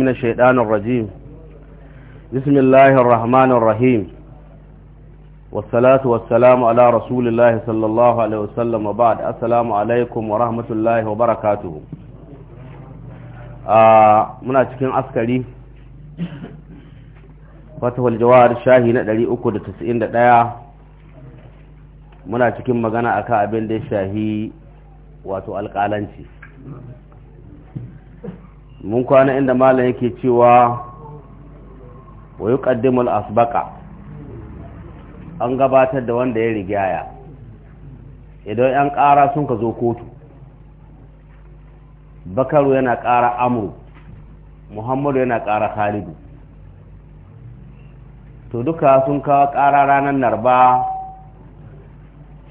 من الشيطان الرجيم بسم الله الرحمن الرحيم والصلاة والسلام على رسول الله صلى الله عليه وسلم وبعد السلام عليكم ورحمة الله وبركاته muna cikin askari fatahul jawar shahi na 391 muna cikin magana akan abin da shahi wato alƙalanci mun kwana inda malam yake cewa wa yuqaddimul asbaka an gabatar da wanda ya rigaya idan yan ƙara sun ka zo kotu bakaru yana ƙara amur muhammadu yana ƙara khalidu to duka sun kawo ƙara ranar narba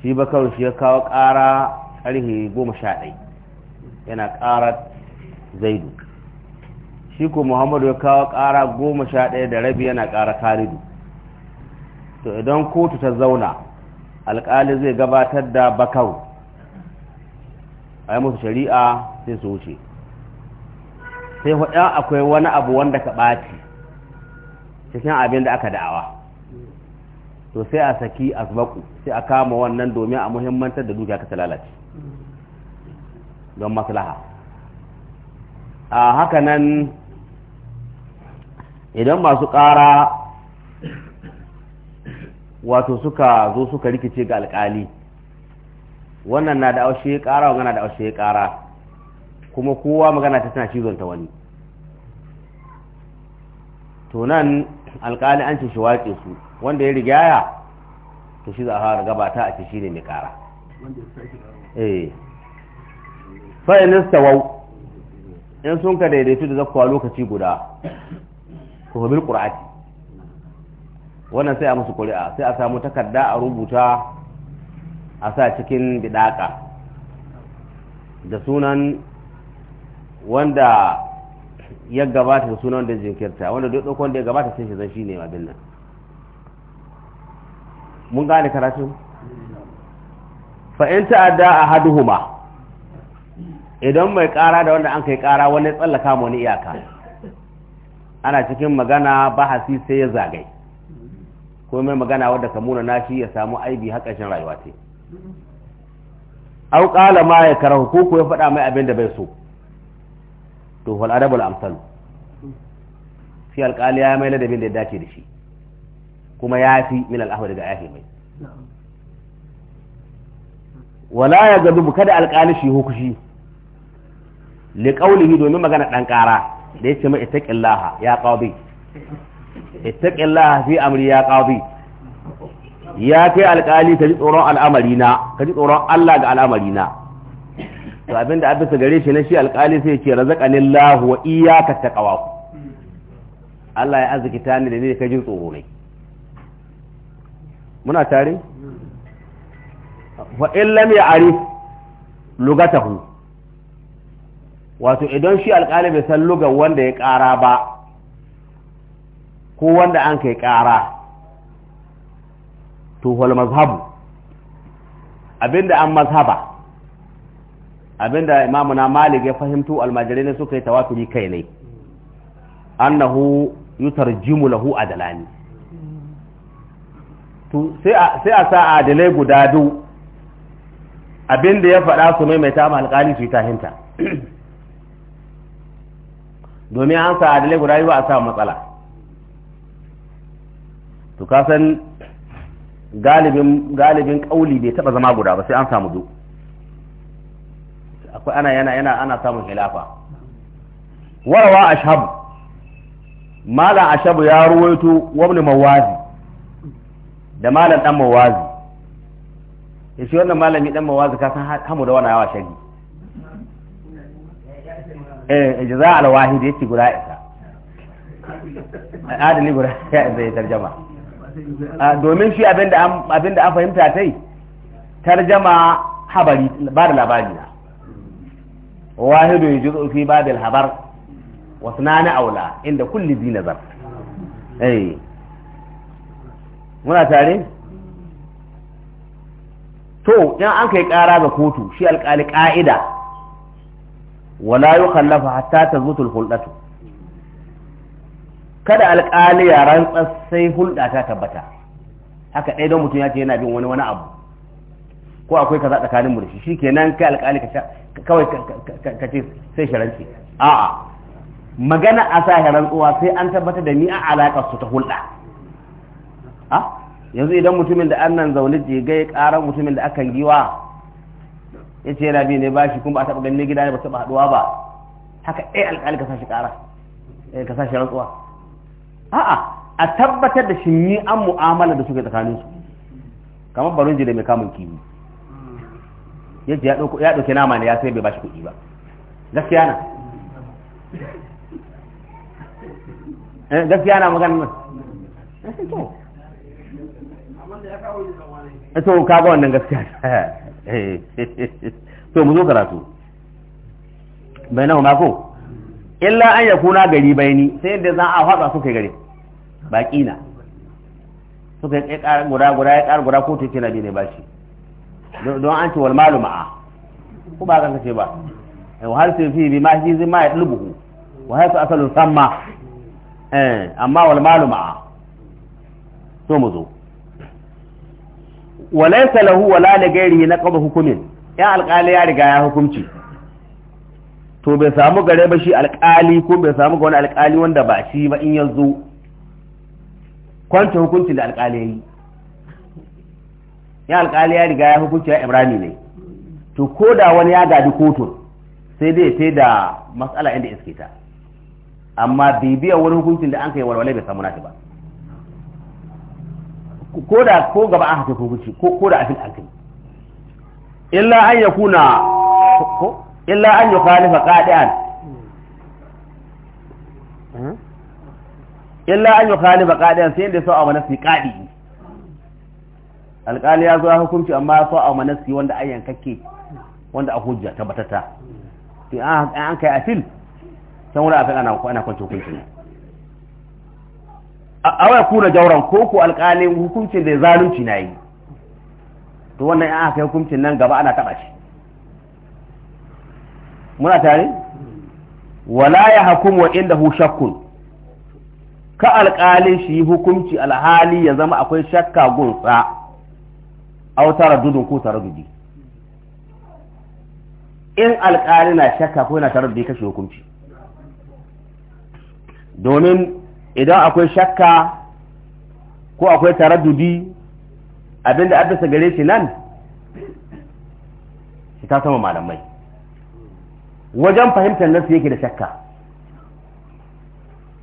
shi bakaru shi ya kawo ƙara ƙarfe goma sha yana ƙara zaidu shi ko muhammadu ya kawo ƙara goma sha ɗaya da rabi yana kara karidu to idan kotu ta zauna alƙali zai gabatar da bakau a yi musu shari'a sai su wuce sai huɗa akwai wani abu wanda ka ɓaci cikin abin da aka da'awa to sai a saki a zubaku sai a kama wannan domin a muhimmantar da dukiya ka lalace don maslaha a haka nan idan masu ƙara wato suka zo suka rikice ga alƙali wannan na da aushe ƙara magana da aushe ƙara kuma kowa magana ta tana cizon ta wani to nan alƙali an ce shi waƙe su wanda ya rigaya to shi za a fara gabata a ce shi ne mai ƙara eh fa'inista wau in sun ka daidaitu da zakkuwa lokaci guda kuma bil qur'ati wannan sai a musu kuri'a sai a samu takarda a rubuta a sa cikin bidaka da sunan wanda ya gabata da sunan da jinkirta wanda duk ɗauko wanda ya gabata sai shi zan shine ne abin nan mun gane karatu in ta'adda a haduhuma idan mai ƙara da wanda an kai ƙara wani tsallaka wani iyaka ana cikin magana bahasi sai ya zagai ko mai magana wadda ka muna nashi ya samu aibi haƙashin rayuwa ce au ƙala ma ya karahu ko ya faɗa mai abin da bai so to wal adabul amsal fi alƙali ya mai ladabin da ya dace da shi kuma ya fi min al'ahu daga yafi mai wala ya gadubu kada alƙali shi hukushi li domin magana ɗan ƙara da ya ce mai ittaqillaha ya qadi ittaqillaha fi amri ya qadi ya kai alƙali ka ji tsoron al'amari na ka ji tsoron Allah ga al'amari na to abinda abisa gare shi na shi alkali sai ce razaqanillahu wa iyyaka taqwa Allah ya azikita ni da ne ka jin tsoro ne muna tare wa in lam ya'rif lugatahu wato idan shi alƙali bai san lugar wanda ya ƙara ba ko wanda an kai ƙara to wal mazhabu abinda an mazhaba abinda imamu na malik ya fahimtu almajirai ne suka yi tawaturi kai ne annahu jimu lahu adalani to sai a sa adalai guda du abinda ya faɗa su maimaita ma alƙali su yi tahinta domin an sa adalai guda yi ba a sa matsala to ka san galibin kauli bai taba zama guda ba sai an samu du akwai ana yana yana ana samun hilafa warawa ashab malam ashab ya ruwaito wani mawazi da malam dan mawazi shi wannan malami dan mawazi ka san hamu da wani yawa shagi eh jaza alwahid yake guda isa adali guda ya isa ya tarjama ah, domin shi abinda abinda an fahimta tai tarjama habari ba da labari na wahidu yujzu fi babil habar wa sunana aula inda kulli bi nazar eh muna tare to in an kai kara ga kotu shi alƙali ƙa'ida wala yukhallafa hatta tazutul huldatu kada alƙali ya sai hulɗa ta tabbata haka ɗaya don mutum ya ce yana bin wani wani abu ko akwai kaza tsakanin mu da shi shikenan kai alƙali kawai ka ce sai sharanci a'a magana a sa rantsuwa sai an tabbatar da ni a alaƙar su ta hulɗa ah, yanzu idan mutumin da annan zaune jigai ƙarar mutumin da akan giwa ya ce yana biyu ne ba shi kuma ba a taɓa ganin gida ne ba taɓa haɗuwa ba haka ɗaya eh, alƙali ka sashi ƙara eh, ka sashi rantsuwa a'a a tabbatar da shi ni an mu'amala da suke tsakaninsu kamar barunji da mai kamun kiwi ya ce ya ɗauke nama ne ya sai bai ba shi kuɗi ba gaskiya na eh, gaskiya na magana nan to kaga wannan gaskiya to mu zo karatu bai na mako illa an ya kuna gari bai ni sai yadda za a hwatsa suka gari baƙi na suka yi ƙar guda guda ya ƙar guda ko tuki na biyu ne ba shi don an ce wal malu ma'a ko ba kan kace ba wa hal sai fi bi ma shi zai ma ya dulbuhu wa hal asalun asalin sama, eh, amma wal malu ma'a so mu zo walaysa lahu wala gairi na naqd hukumin ya alƙali ya riga ya hukunci to bai samu gare ba shi alƙali ko bai samu ga wani alƙali wanda ba shi ba in yanzu kwanta hukuncin da alƙali ya yi ya ya riga ya hukunci ya ibrani ne to ko da wani ya gadi kotun sai dai sai da matsala inda iske ta amma bibiyar wani hukuncin da an kai walwale bai samu nashi ba ko da ko gaba aka tafi wuce ko ko da a fil kai illa an yakuna illa an yukhalifa qadi'an hmm? illa an yukhalifa qadi'an sai da sa'a manasi qadi alƙali ya zo a hukunci amma ya sa'a manasi wanda an yankake, wanda a hujja tabbatata in an kai afil san wani afil ana ana kwance hukunci ne awai kuna jauran ko ku alƙalin hukuncin da zalunci na yi to wannan ya aka hukuncin nan gaba ana taɓa shi muna tare wala ya hakum wa inda hu shakkun ka alƙalin shi yi hukunci alhali ya zama akwai shakka gunsa au taraddudun ko taraddudi in alƙali na shakka ko yana taraddudi kashe hukunci domin idan akwai shakka ko akwai taraddudi abinda addasa gare shi nan shi ta sama malamai wajen fahimtar nasu yake da shakka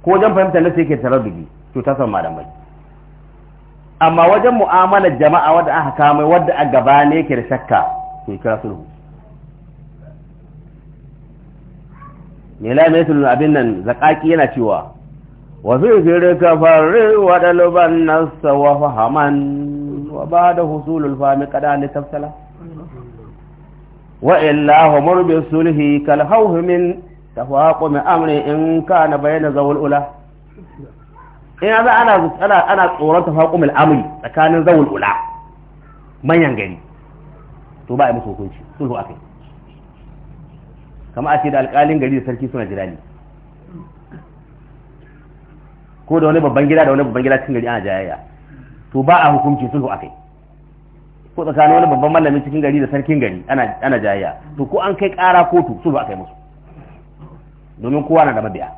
ko wajen fahimtar nasu yake da taraddudi to ta sama malamai amma wajen mu'amalar jama'a wadda aka kama wadda a gaba ne yake da shakka to yi kira sulhu ne lamarin abin nan zakaki yana cewa وفي ذلك فرع ودلب النفس وفهما وبعد حصول الفهم قد أن تفصلا وإلا همر بالسلح كالخوف من تفاقم أمر إن كان بين ذوي الأولى in ula ana ana ana tsoron tafaqqum amri tsakanin zawul ula manyan gari to ba a yi musu hukunci sulhu akai kama a ce da alkalin gari da sarki suna jirani ko da wani babban gida da wani babban gida cikin gari ana jayayya to ba a hukunci sulhu akai ko tsakanin wani babban malamin cikin gari da sarkin gari ana ana jayayya to ko an kai ƙara kotu sulhu akai musu domin kowa na da mabiya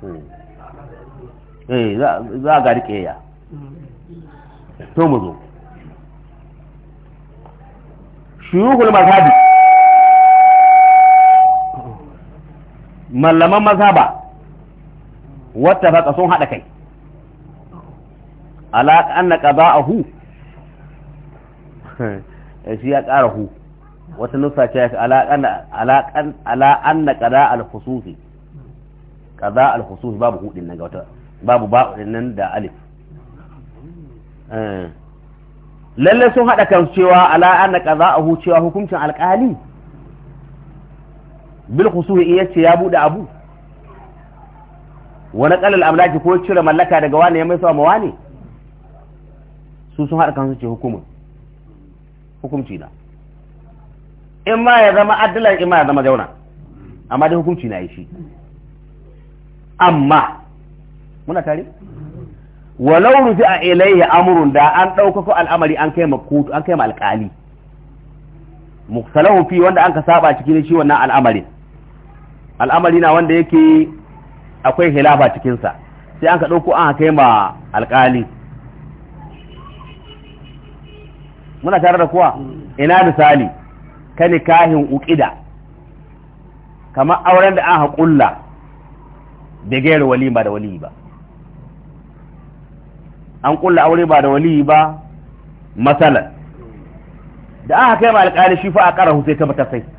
hmm. eh za a gari ƙiyayya to mu zo shuyuhul mazhabi mallaman mazhaba wata sun haɗa kai alaƙa an na a hu eh, shi ya ƙara hu wata nufa ce ya alaƙan na ƙada alhususi ƙada babu hudin nan ga wata babu ba'udin nan da alif eh. lalle sun haɗa kan cewa alaƙan na ƙada a hu cewa hukuncin alƙali bil ce ya buɗe abu wani kalal amlaki ko cire mallaka daga wani ya mai mawa ne? su sun haɗa kansu ce hukumin hukumci na in ma ya zama addilan in ma ya zama jauna amma dai hukumci na yi shi amma muna tare walau rufi a ilayya amurun da an ɗaukaka al'amari an kai ma kotu an kai ma alƙali muktalahu fi wanda an ka saba cikin shi wannan al'amarin al'amari na wanda yake akwai hilafa cikinsa sai an ka ɗauko an kai ma alƙali muna tare da kuwa ina misali ka nikahin uƙida kamar auren da an haƙulla da gayar wali ba da wali ba an ƙulla aure ba da wali ba matsalar da aka kai ma alƙali shi fa a ƙara sai ta matasai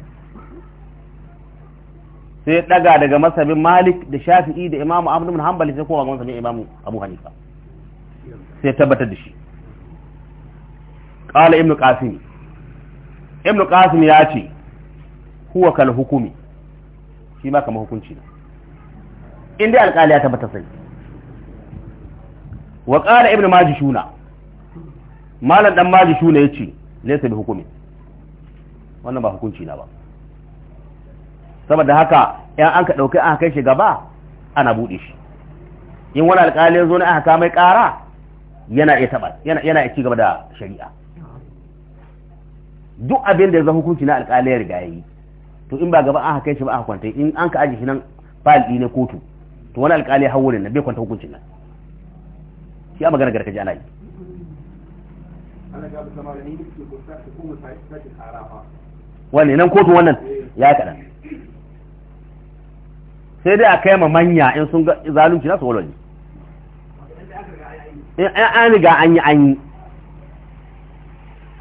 sai ya daga daga masabin malik da shafi'i da Imam ahmad bin hanbali sai kowa ga masabin Imam abu hanifa sai tabbatar da shi qala ibnu qasim ibnu qasim ya ce huwa kal hukumi shi ma kamar hukunci ne in dai alƙali ya tabbata sai wa qala ibnu majishuna malam dan majishuna yace laysa bi hukumi wannan ba hukunci na ba saboda haka yan an ka ɗauki aka kai shi gaba ana buɗe shi in wani alƙalin zo na aka kamai ƙara yana iya taɓa yana iya cigaba da shari'a duk abin da ya zama hukunci na alƙalin ya riga yi to in ba gaba aka kai shi ba aka kwanta in an ka aji shi nan fayil ɗi na kotu to wani alƙali ya hawo na bai kwanta hukuncin nan shi a magana gargajiya na yi wani nan kotu wannan eh. ya kaɗan sai dai a kai ma manya in sun ga zalunci nasu su in an riga an yi an yi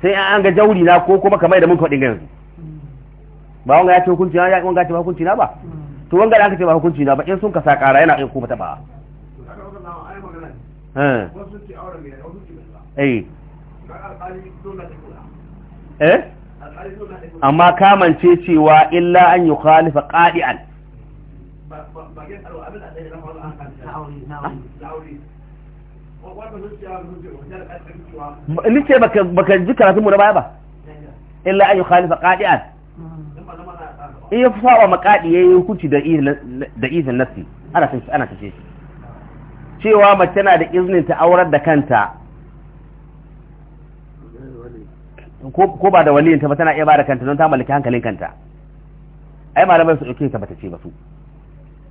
sai an ga jauri na ko kuma kamar da mun kwaɗin dinga yanzu ba wanga ya ce hukunci na ya wanga ce ba hukunci na ba to wanga da aka ce ba hukunci na ba in sun kasa kara yana iya kuma taɓa eh. eh? amma kamance cewa illa an yi khalifa ƙadi'an Nice baka ji karatun mu na baya ba? Illa an yi khalifa ƙadi'an. In ya fi sawa makaɗi ya yi hukunci da izin nasi, ana kashe shi. Cewa mace na da izinin ta aurar da kanta ko ba da waliyinta ba tana iya ba da kanta don ta mallaki hankalin kanta. Ai malamai su ɗauke ta bata ce ba su.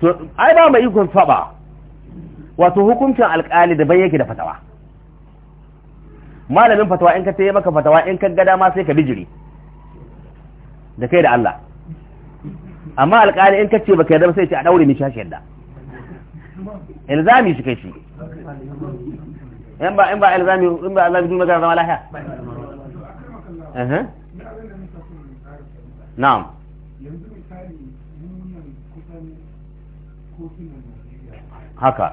to ai ba mai ikon saba wato hukuncin alƙali da bai yake da fatawa malamin fatawa in ka tayi maka fatawa in ka gada ma sai ka bijiri da kai da Allah amma alƙali in ka ce baka yarda sai ce a daure mi hashe yadda ilzami shi kai shi in ba in ba ilzami in ba Allah bidin magana zama lahiya na'am haka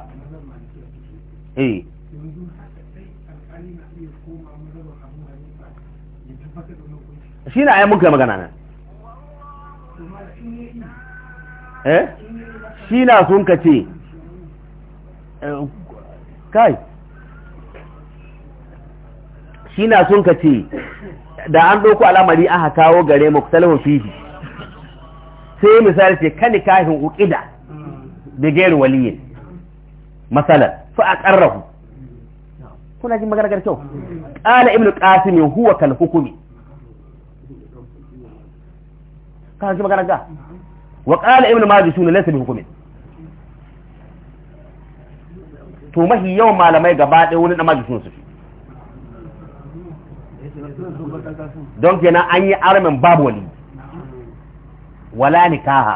eh shi na ayan muka magana nan eh shi na sun ka ce eh, kai shi na sun ka ce da an ɗauko alamari aka kawo gare mu salahun fihi sai misali ce kani kahin uƙida bigayar waliyin masalan fa aqarrahu kuna jin magana kyau qala ibnu qasim huwa kal hukumi kana jin magana ga wa qala ibnu majishun laysa bi hukumi to mahi yawan malamai gaba ɗaya wurin da majishun su don kenan an yi armin babu wali wala nikaha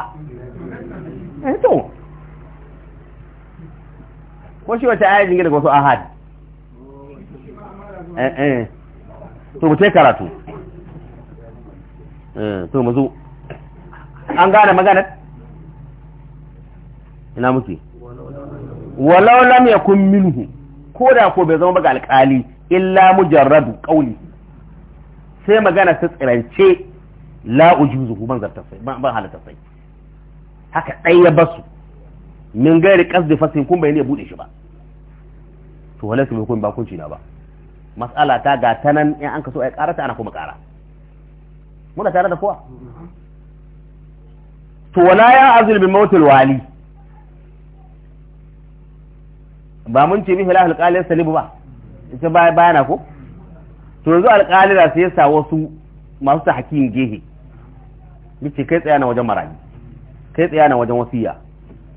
eh to ko shi wata aya daga wasu ahad eh, eh. to mu tai karatu eh, to mu zo an gane magana, ina muke walau lam yakun minhu ko da ko bai zama ga alƙali illa mujarradu qawli sai magana ta tsirance la ujuzu ban zarta sai ban halatta sai haka dai ya basu min gairi qasdi fasin kun bai ne bude shi ba to wala su mai ba kunci na ba matsala ta ga tanan in an a ai karata ana kuma kara muna tare da kowa to wala ya azul bi mautul wali ba mun ce bihi alqali qalil salibu ba ita baya bayana ko to yanzu alqali da sai sa wasu masu ta hakim gehe yace kai tsaya na wajen marayi kai tsaya na wajen wasiya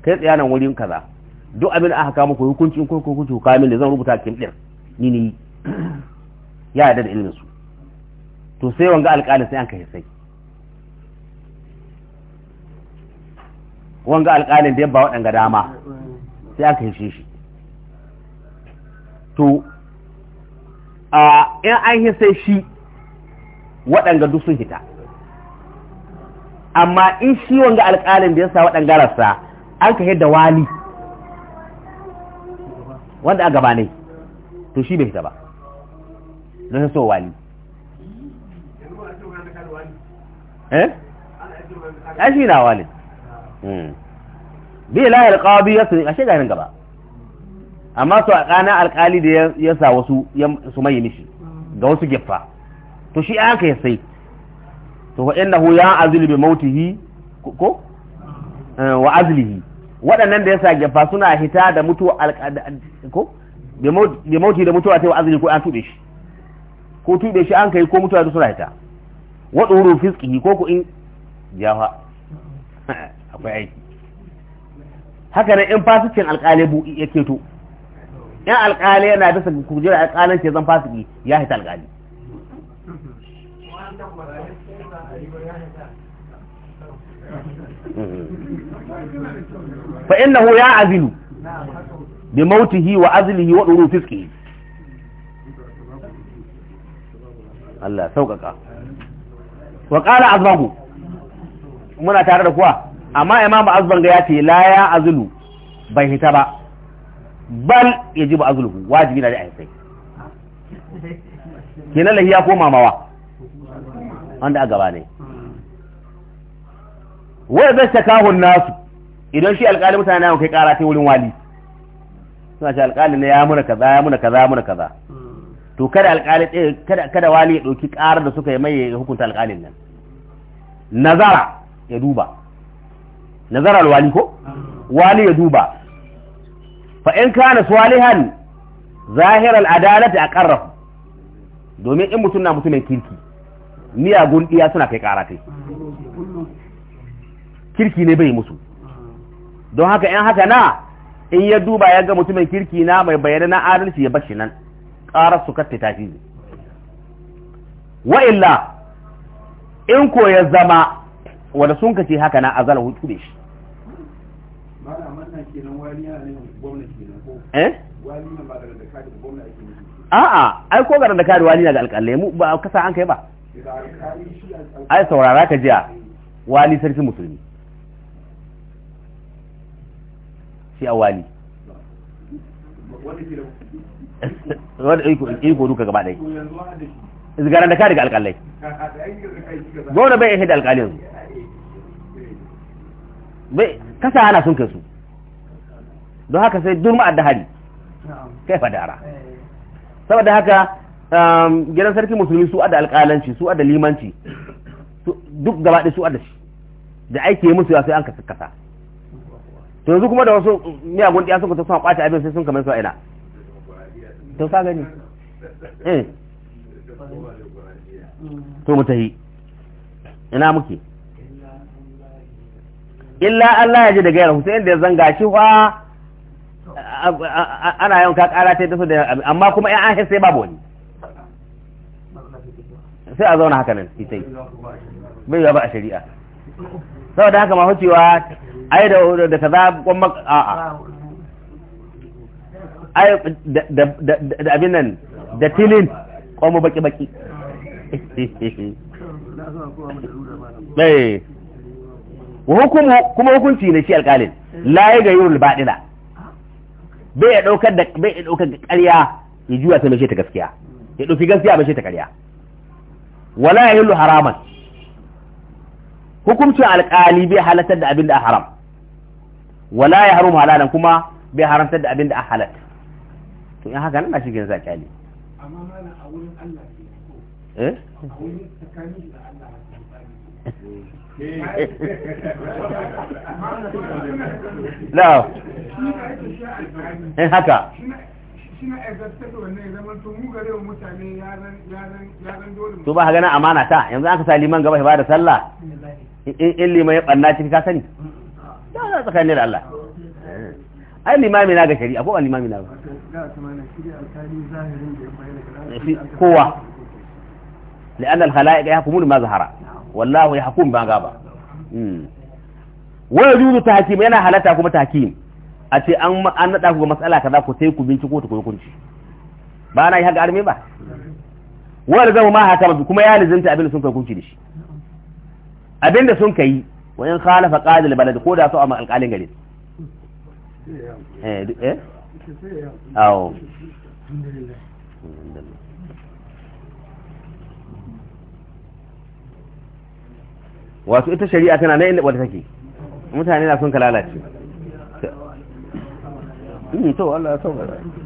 kai tsaya na wurin kaza duk abin da aka kama ku hukunci in ku hukunci ku kamin da zan rubuta kin din ni ne ya da ilmin su to sai wanga alƙalin sai an kai sai wanga alƙalin da ya ba waɗanga dama sai aka kai shi to a in an hisa shi waɗanga duk sun hita amma in shi wanga alƙalin da ya sa waɗanga rasa an ka da wali wanda a gaba ne to shi bai fita ba don so wali eh shi na wali hmm. bi la alqabi yasu ashe nan gaba amma su a kana alkali da ya sa wasu su mai mishi ga wasu geffa to shi aka ya sai to wa innahu ya azli bi mautihi ko eh, wa azlihi waɗannan da ya sa gefa suna hita da mutuwa ko da mauti da mutuwa ta yi azumi ko an tube shi ko tube shi an kai ko mutuwa da suna hita waɗu wurin fiski ko ku in jawa akwai aiki haka nan in fasikin alƙalai bu ya keto in alƙalai yana bisa kujerar alƙalin ce zan fasiki ya hita alƙali Mm-hmm. fa innahu ya azilu bi mautihi wa azlihi wa duru fiski Allah sauƙaƙa wa ƙara azbahu muna tare da kuwa amma imamu azban ga yace la ya azulu bai hita ba bal ya ji ba wajibi na da sai kenan lahiya ko mamawa wanda a gaba ne wai zai shakahu nasu idan shi alƙalin mutane na kai ƙara ta wurin wali suna shi alƙalin ne ya muna kaza ya muna kaza ya muna kaza to kada ɗaya eh, kada wali ya ɗauki ƙarar da suka yi mai ya hukunta alƙalin nan nazara ya duba nazara alwali ko wali ya duba fa in kana salihan zahir al'adalati aqarrahu domin in mutum na mutumin kirki miyagun iya suna kai ƙara kai kirki ne bai musu don haka in haka na in ya duba ya ga mutumin kirki na mai bayyana na adalci ya bashi nan ƙarar su katta tafi wa illa in ko ya zama wanda sun kace haka na azal hutu da shi eh? a'a ai ko garin da kare wali na ga alƙalai mu ba kasa an kai ba ai saurara ka jiya wali sarki musulmi fi awali wanda iko duka gaba ɗai izgaran da ka daga alƙalai gwamna bai ihe da alƙali yanzu bai kasa ana sun kai su don haka sai durma da hari kai fadara saboda haka um, gidan sarki musulmi su ada alƙalanci su ada limanci duk gaba ɗai su ada shi da aiki musu ya sai an kasa kasa to yanzu kuma da wasu miyagun ɗiya sun ta sun kwace abin sai sun kamar su a ina to sa gani eh to mu tahi ina muke illa Allah ya ji da gayar Hussein da zanga shi fa ana yawan ka kara ta tafi da amma kuma ya an sai babu wani sai a zauna haka nan sai bai ba a shari'a saboda haka ma hucewa ai da da kaza kuma a a ai da abin nan da tilin kuma baki baki eh. wa hukumu kuma hukunci ne shi alƙalin la ya yurul badila bai ya daukar da bai ya ɗaukar da ƙarya ya juya ta mace ta gaskiya ya ɗauki gaskiya mace ta ƙarya wala ya yillu haraman hukuncin alƙali bai halatar da abin da haram wala ya harumu halalan kuma bai haramtar da abin da an halatta to in haka nan na cikin zaki ali amma mana a wurin Allah ke eh a wurin tsakanin da Allah na in haka to ba ka gana amana ta yanzu aka sa liman gaba ba da sallah in liman ya banna cikin ka sani mm. da tsakanin da Allah eh. ai limami na ga shari'a ko ba limami na ba kowa لأن الخلائق ya ما ظهر والله يحكم ما غاب ويجوز تحكيم yana halatta kuma tahkim a ce an an nada ku ga mas'ala kaza ku sai ku binciko ta ku hukunci ba na yi haka arme ba wanda zama ma haka kuma ya lizinta abin sun kai hukunci da shi abin da sun kai wa in khalafa qadi al balad ko da su a alƙalin gari eh eh aw wato ita shari'a tana nan inda wata take mutane na son kalalaci hmm, to Allah ya saukar saurara